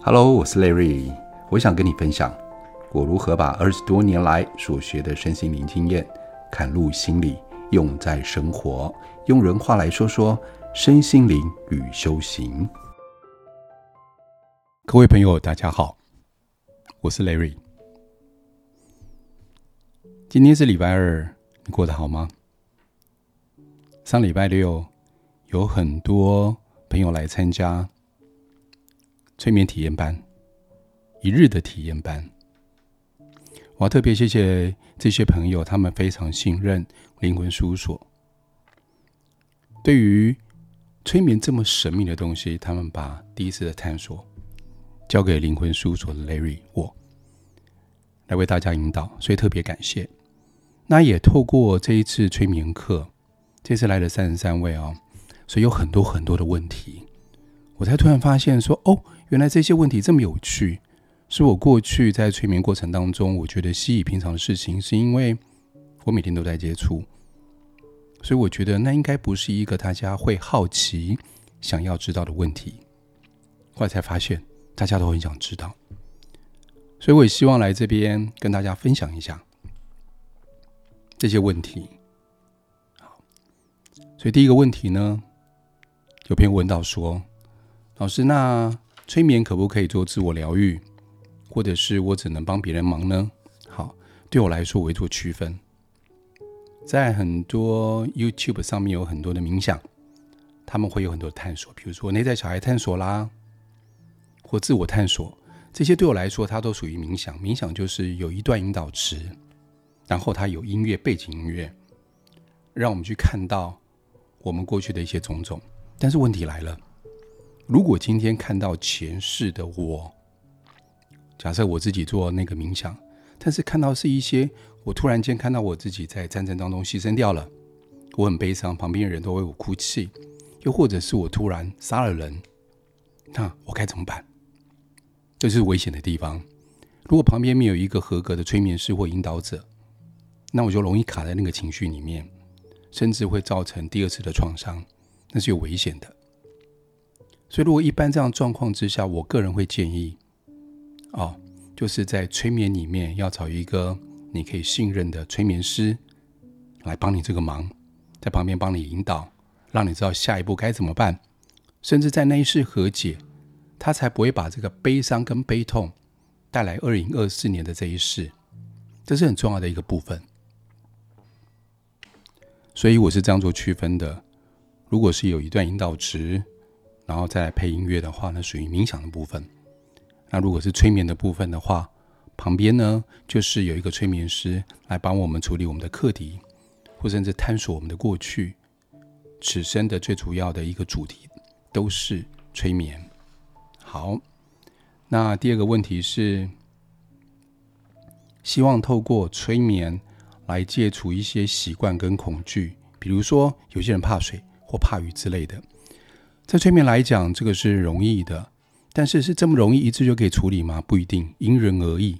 Hello，我是 Larry，我想跟你分享我如何把二十多年來所學的身心靈經驗，刻入心裡，用在生活。用人話來說說身心靈與修行。各位朋友，大家好，我是 Larry。今天是禮拜二，你過得好嗎？上禮拜六有很多朋友來參加。催眠體驗班，一日的體驗班，我要特別謝謝這些朋友，他們非常信任靈魂事務所。對於催眠這麼神秘的東西，他們把第一次的探索交給靈魂事務所的 Larry，我來為大家引導，所以特別感謝。那也透過這一次催眠課，這次來的三十三位哦，所以有很多很多的問題，我才突然發現說，哦。原來這些問題這麼有趣，是我過去在催眠過程當中，我覺得習以平常的事情，是因為我每天都在接觸，所以我覺得那應該不是一個大家會好奇、想要知道的問題。後來才發現，大家都很想知道，所以我也希望來這邊跟大家分享一下這些問題。好，所以第一個問題呢，有朋友問到說：“老師，那……”催眠可不可以做自我療癒，或者是我只能幫別人忙呢？好，對我來說，我會做區分。在很多 YouTube 上面有很多的冥想，他們會有很多探索，比如說內在小孩探索啦，或自我探索，這些對我來說，它都屬於冥想。冥想就是有一段引導詞，然後它有音樂，背景音樂，讓我們去看到我們過去的一些種種。但是問題來了。如果今天看到前世的我，假設我自己做那個冥想，但是看到是一些我突然間看到我自己在戰爭當中犧牲掉了，我很悲傷，旁邊的人都為我哭泣，又或者是我突然殺了人，那我該怎麼辦？這是危險的地方。如果旁邊沒有一個合格的催眠師或引導者，那我就容易卡在那個情緒裡面，甚至會造成第二次的創傷，那是有危險的。所以，如果一般這樣的狀況之下，我個人會建議，哦，就是在催眠裡面要找一個你可以信任的催眠師來幫你這個忙，在旁邊幫你引導，讓你知道下一步該怎麼辦，甚至在那一世和解，他才不會把這個悲傷跟悲痛帶來二零二四年的這一世，這是很重要的一個部分。所以我是這樣做區分的，如果是有一段引導詞，然後再來配音樂的話呢，屬於冥想的部分。那如果是催眠的部分的話，旁邊呢就是有一個催眠師來幫我們處理我們的課題，或甚至探索我們的過去。此生的最主要的一個主題都是催眠。好，那第二個問題是，希望透過催眠來戒除一些習慣跟恐懼，比如說有些人怕水或怕魚之類的。在催眠來講，這個是容易的，但是是這麼容易一次就可以處理嗎？不一定，因人而異，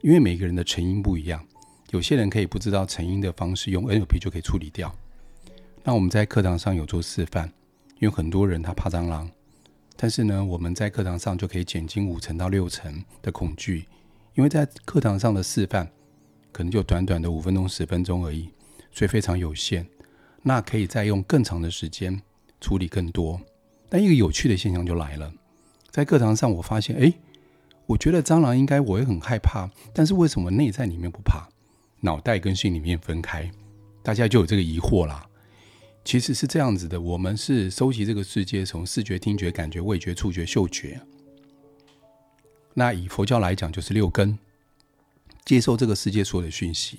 因為每個人的成因不一樣。有些人可以不知道成因的方式，用 NLP 就可以處理掉。那我們在課堂上有做示範，因為很多人他怕蟑螂，但是呢，我們在課堂上就可以減輕五成到六成的恐懼，因為在課堂上的示範可能就短短的五分鐘、十分鐘而已，所以非常有限。那可以再用更長的時間處理更多。但一個有趣的現象就來了，在課堂上我發現，誒，我覺得蟑螂應該我會很害怕，但是為什麼內在裡面不怕？腦袋跟心裡面分開，大家就有這個疑惑啦。其實是這樣子的，我們是收集這個世界從視覺、聽覺、感覺、味覺、觸覺、嗅覺，那以佛教來講就是六根，接受這個世界所有的訊息。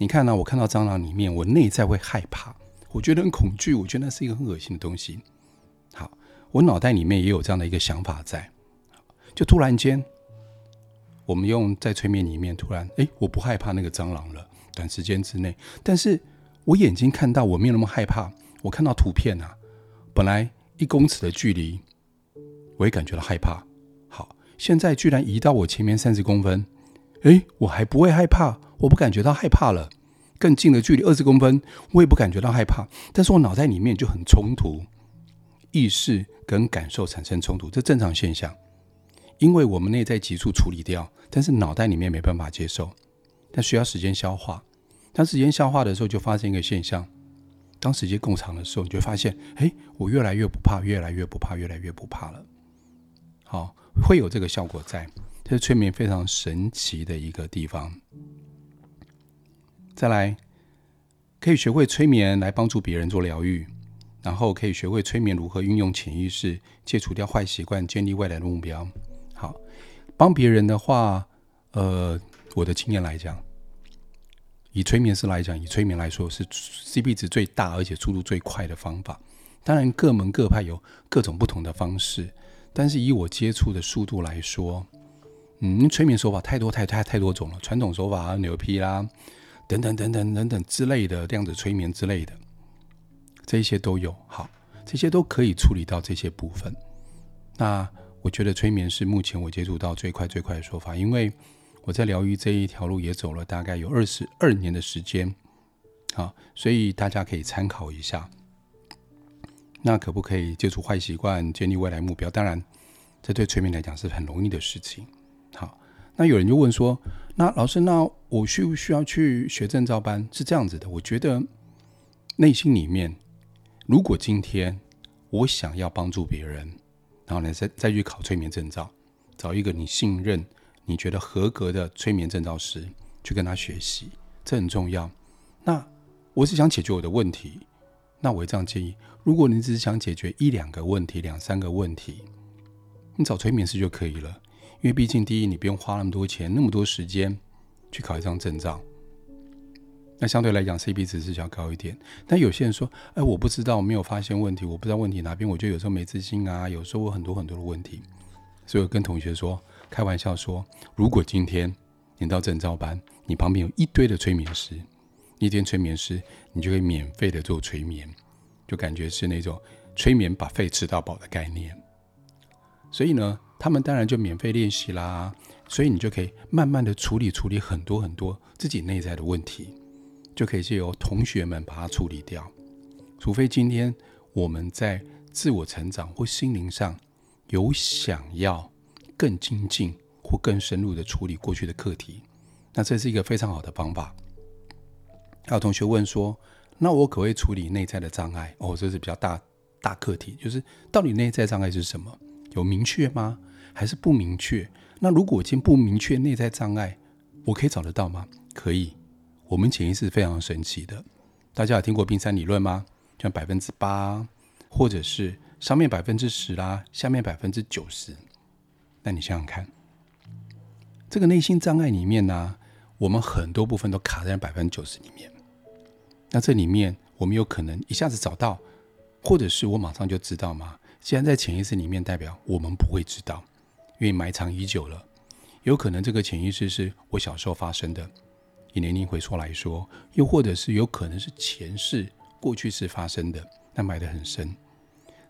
你看呢、啊？我看到蟑螂裡面，我內在會害怕，我覺得很恐懼，我覺得那是一個很惡心的東西。好，我腦袋裡面也有這樣的一個想法在，就突然間，我們用在催眠裡面，突然，哎，我不害怕那個蟑螂了。短時間之內，但是我眼睛看到，我沒有那麼害怕。我看到圖片啊，本來一公尺的距離，我也感覺到害怕。好，現在居然移到我前面三十公分，哎，我還不會害怕，我不感覺到害怕了。更近的距離二十公分，我也不感覺到害怕，但是我腦袋裡面就很衝突。意識跟感受產生衝突，這正常現象，因為我們內在急速處理掉，但是腦袋裡面沒辦法接受，但需要時間消化。當時間消化的時候，就發生一個現象：當時間更長的時候，你就發現，哎，我越來越不怕，越來越不怕，越來越不怕了。好，會有這個效果在，這是催眠非常神奇的一個地方。再來，可以學會催眠來幫助別人做療癒。然後可以學會催眠，如何運用潛意識，戒除掉壞習慣，建立未來的目標。好，幫別人的話，呃，我的經驗來講，以催眠師來講，以催眠來說是 CP 值最大，而且速度最快的方法。當然，各門各派有各種不同的方式，但是以我接觸的速度來說，嗯，催眠手法太多，太太太多種了，傳統手法啊，NLP 啦，等等等等等等之類的，這樣子催眠之類的。這些都有，好，這些都可以處理到這些部分。那我覺得催眠是目前我接觸到最快最快的說法，因為我在療癒這一條路也走了大概有二十二年的時間，好，所以大家可以參考一下。那可不可以戒除壞習慣，建立未來目標？當然，這對催眠來講是很容易的事情。好，那有人就問說：那老師，那我需不需要去學證照班？是這樣子的，我覺得內心裡面。如果今天我想要幫助別人，然後呢，再再去考催眠證照，找一個你信任、你覺得合格的催眠證照師去跟他學習，這很重要。那我是想解決我的問題，那我會這樣建議：如果你只是想解決一兩個問題、兩三個問題，你找催眠師就可以了，因為畢竟第一，你不用花那麼多錢、那麼多時間去考一張證照。那相對來講，CP 值是較高一點。但有些人說：“哎，我不知道，沒有發現問題，我不知道問題哪邊。”我就有時候沒自信啊，有時候我很多很多的問題。所以我跟同學說，開玩笑說：“如果今天你到證照班，你旁邊有一堆的催眠師，一堆催眠師，你就可以免費的做催眠，就感覺是那種催眠把費吃到飽的概念。所以呢，他們當然就免費練習啦。所以你就可以慢慢的處理處理很多很多自己內在的問題。”就可以借由同學們把它處理掉，除非今天我們在自我成長或心靈上有想要更精進或更深入的處理過去的課題，那這是一個非常好的方法。還有同學問說：“那我可不可以處理內在的障礙？”哦，這是比較大大課題，就是到底內在障礙是什麼？有明確嗎？還是不明確？那如果已經不明確內在障礙，我可以找得到嗎？可以。我們潛意識非常神奇的，大家有聽過冰山理論嗎？像百分之八，或者是上面百分之十啦，下面百分之九十。那你想想看，這個內心障礙裡面呢，我們很多部分都卡在百分之九十裡面。那這裡面我們有可能一下子找到，或者是我馬上就知道嗎？既然在潛意識裡面，代表我們不會知道，因為埋藏已久了，有可能這個潛意識是我小時候發生的。以年齡回溯來說，又或者是有可能是前世、過去時發生的，那埋得很深，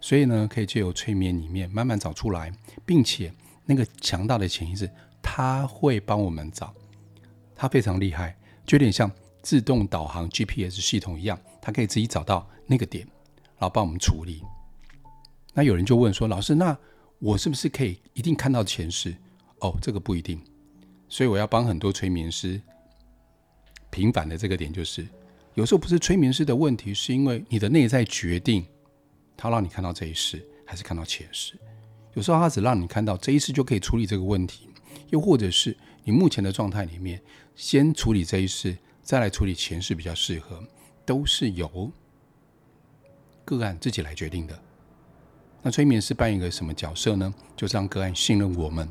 所以呢，可以借由催眠裡面慢慢找出來，並且那個強大的潛意識，他會幫我們找，他非常厲害，就有點像自動導航 GPS 系統一樣，他可以自己找到那個點，然後幫我們處理。那有人就問說：“老師，那我是不是可以一定看到前世？”哦，這個不一定，所以我要幫很多催眠師。平凡的這個點就是，有時候不是催眠師的問題，是因為你的內在決定，他讓你看到這一世還是看到前世。有時候他只讓你看到這一世就可以處理這個問題，又或者是你目前的狀態裡面，先處理這一世，再來處理前世比較適合，都是由個案自己來決定的。那催眠師扮演一個什麼角色呢？就是讓個案信任我們，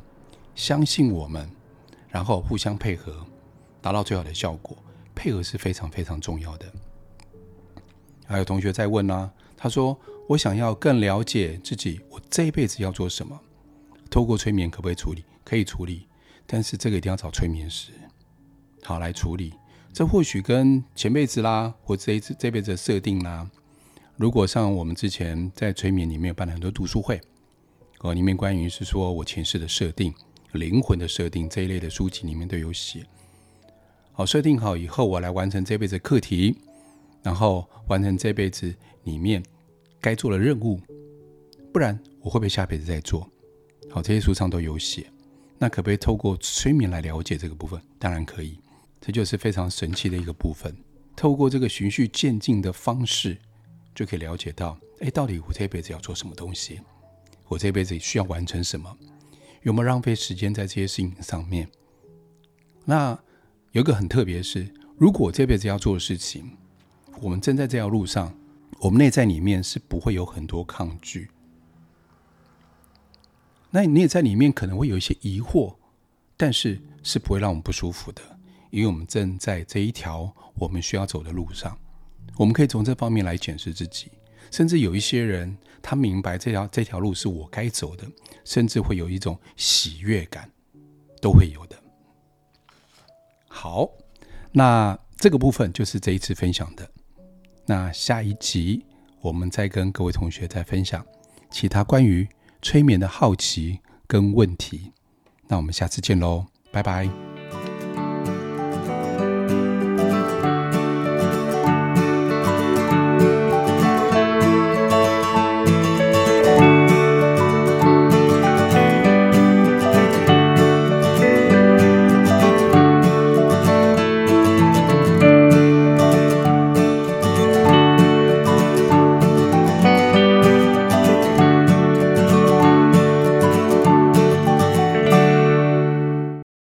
相信我們，然後互相配合，達到最好的效果。配合是非常非常重要的。還有同學在問啦、啊，他說：“我想要更了解自己，我這一輩子要做什麼？透過催眠可不可以處理？可以處理，但是這個一定要找催眠師好來處理。這或許跟前輩子啦，或者這這這輩子的設定啦，如果像我們之前在催眠裡面辦了很多讀書會，哦，裡面關於是說我前世的設定、靈魂的設定這一類的書籍裡面都有寫。”好，設定好以後，我來完成這輩子課題，然後完成這輩子裡面該做的任務，不然我會不會下輩子再做。好，這些書上都有寫。那可不可以透過催眠來了解這個部分？當然可以，這就是非常神奇的一個部分。透過這個循序漸進的方式，就可以了解到，哎，到底我這輩子要做什麼東西？我這輩子需要完成什麼？有沒有浪費時間在這些事情上面？那？有個很特別是，如果這輩子要做的事情，我們正在這條路上，我們內在裡面是不會有很多抗拒。那你也在裡面可能會有一些疑惑，但是是不會讓我們不舒服的，因為我們正在這一條我們需要走的路上。我們可以從這方面來檢視自己，甚至有一些人他明白這條這條路是我該走的，甚至會有一種喜悅感，都會有的。好，那這個部分就是這一次分享的。那下一集我們再跟各位同學再分享其他關於催眠的好奇跟問題。那我們下次見嘍，拜拜。